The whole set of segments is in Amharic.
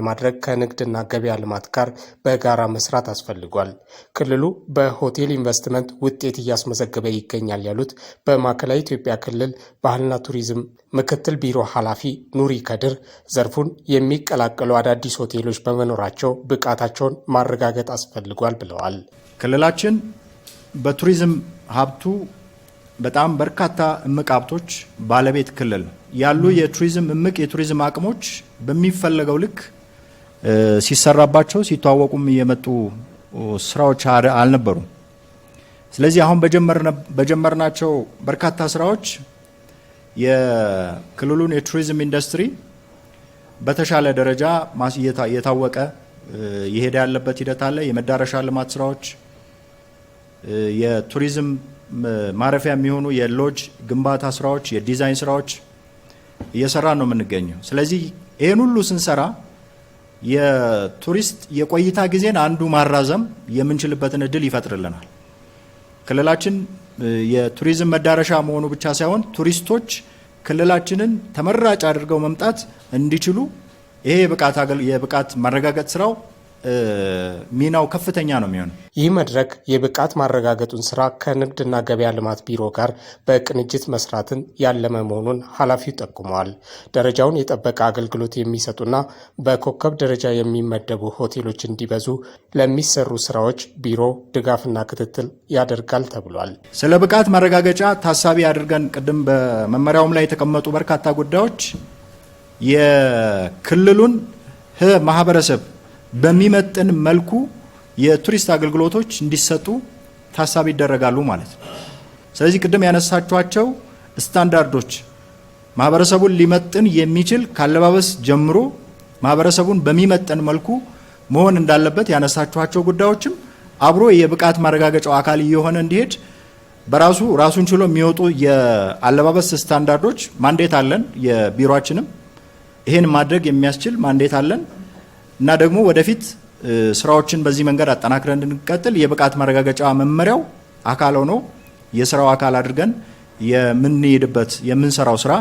ለማድረግ ከንግድና ገበያ ልማት ጋር በጋራ መስራት አስፈልጓል። ክልሉ በሆቴል ኢንቨስትመንት ውጤት እያስመዘገበ ይገኛል ያሉት በማዕከላዊ ኢትዮጵያ ክልል ባህልና ቱሪዝም ምክትል ቢሮ ኃላፊ ኑሪ ከድር ዘርፉን የሚቀላቀሉ አዳዲስ ሆቴሎች በመኖራቸው ብቃታቸውን ማረጋገጥ አስፈልጓል ብለዋል። ክልላችን በቱሪዝም ሀብቱ በጣም በርካታ እምቅ ሀብቶች ባለቤት ክልል ያሉ የቱሪዝም እምቅ የቱሪዝም አቅሞች በሚፈለገው ልክ ሲሰራባቸው ሲተዋወቁም የመጡ ስራዎች አልነበሩም። ስለዚህ አሁን በጀመርናቸው በርካታ ስራዎች የክልሉን የቱሪዝም ኢንዱስትሪ በተሻለ ደረጃ የታወቀ የሄደ ያለበት ሂደት አለ። የመዳረሻ ልማት ስራዎች፣ የቱሪዝም ማረፊያ የሚሆኑ የሎጅ ግንባታ ስራዎች፣ የዲዛይን ስራዎች እየሰራ ነው የምንገኘው። ስለዚህ ይህን ሁሉ ስንሰራ የቱሪስት የቆይታ ጊዜን አንዱ ማራዘም የምንችልበትን እድል ይፈጥርልናል። ክልላችን የቱሪዝም መዳረሻ መሆኑ ብቻ ሳይሆን ቱሪስቶች ክልላችንን ተመራጭ አድርገው መምጣት እንዲችሉ ይሄ የብቃት ማረጋገጥ ስራው ሚናው ከፍተኛ ነው የሚሆነው። ይህ መድረክ የብቃት ማረጋገጡን ስራ ከንግድና ገበያ ልማት ቢሮ ጋር በቅንጅት መስራትን ያለመ መሆኑን ኃላፊው ጠቁመዋል። ደረጃውን የጠበቀ አገልግሎት የሚሰጡና በኮከብ ደረጃ የሚመደቡ ሆቴሎች እንዲበዙ ለሚሰሩ ስራዎች ቢሮ ድጋፍና ክትትል ያደርጋል ተብሏል። ስለ ብቃት ማረጋገጫ ታሳቢ አድርገን ቅድም በመመሪያውም ላይ የተቀመጡ በርካታ ጉዳዮች የክልሉን ማህበረሰብ በሚመጥን መልኩ የቱሪስት አገልግሎቶች እንዲሰጡ ታሳቢ ይደረጋሉ ማለት ነው። ስለዚህ ቅድም ያነሳችኋቸው ስታንዳርዶች ማህበረሰቡን ሊመጥን የሚችል ካለባበስ ጀምሮ ማህበረሰቡን በሚመጥን መልኩ መሆን እንዳለበት ያነሳችኋቸው ጉዳዮችም አብሮ የብቃት ማረጋገጫው አካል እየሆነ እንዲሄድ በራሱ ራሱን ችሎ የሚወጡ የአለባበስ ስታንዳርዶች ማንዴት አለን። የቢሮችንም ይሄን ማድረግ የሚያስችል ማንዴት አለን። እና ደግሞ ወደፊት ስራዎችን በዚህ መንገድ አጠናክረን እንድንቀጥል የብቃት ማረጋገጫ መመሪያው አካል ሆኖ የስራው አካል አድርገን የምንሄድበት የምንሰራው ስራ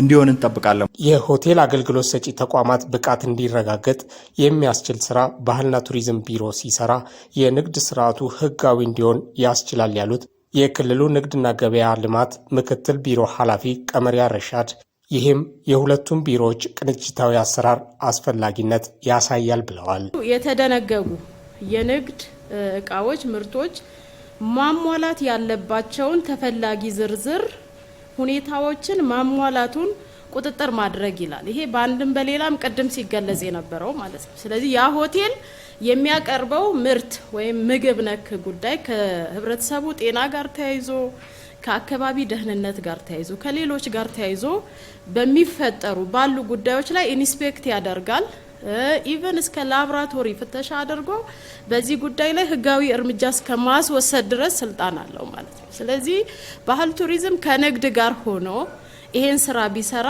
እንዲሆን እንጠብቃለን። የሆቴል አገልግሎት ሰጪ ተቋማት ብቃት እንዲረጋገጥ የሚያስችል ስራ ባህልና ቱሪዝም ቢሮ ሲሰራ የንግድ ስርዓቱ ህጋዊ እንዲሆን ያስችላል ያሉት የክልሉ ንግድና ገበያ ልማት ምክትል ቢሮ ኃላፊ ቀመሪያ ረሻድ ይህም የሁለቱም ቢሮዎች ቅንጅታዊ አሰራር አስፈላጊነት ያሳያል ብለዋል። የተደነገጉ የንግድ እቃዎች፣ ምርቶች ማሟላት ያለባቸውን ተፈላጊ ዝርዝር ሁኔታዎችን ማሟላቱን ቁጥጥር ማድረግ ይላል። ይሄ በአንድም በሌላም ቅድም ሲገለጽ የነበረው ማለት ነው። ስለዚህ ያ ሆቴል የሚያቀርበው ምርት ወይም ምግብ ነክ ጉዳይ ከህብረተሰቡ ጤና ጋር ተያይዞ ከአካባቢ ደህንነት ጋር ተያይዞ ከሌሎች ጋር ተያይዞ በሚፈጠሩ ባሉ ጉዳዮች ላይ ኢንስፔክት ያደርጋል። ኢቨን እስከ ላብራቶሪ ፍተሻ አድርጎ በዚህ ጉዳይ ላይ ህጋዊ እርምጃ እስከ ማስወሰድ ድረስ ስልጣን አለው ማለት ነው። ስለዚህ ባህል ቱሪዝም ከንግድ ጋር ሆኖ ይሄን ስራ ቢሰራ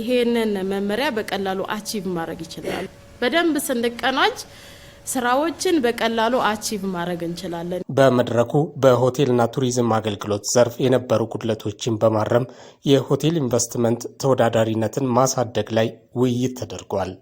ይሄንን መመሪያ በቀላሉ አቺቭ ማድረግ ይችላል። በደንብ ስንቀናጅ ስራዎችን በቀላሉ አቺቭ ማድረግ እንችላለን። በመድረኩ በሆቴልና ቱሪዝም አገልግሎት ዘርፍ የነበሩ ጉድለቶችን በማረም የሆቴል ኢንቨስትመንት ተወዳዳሪነትን ማሳደግ ላይ ውይይት ተደርጓል።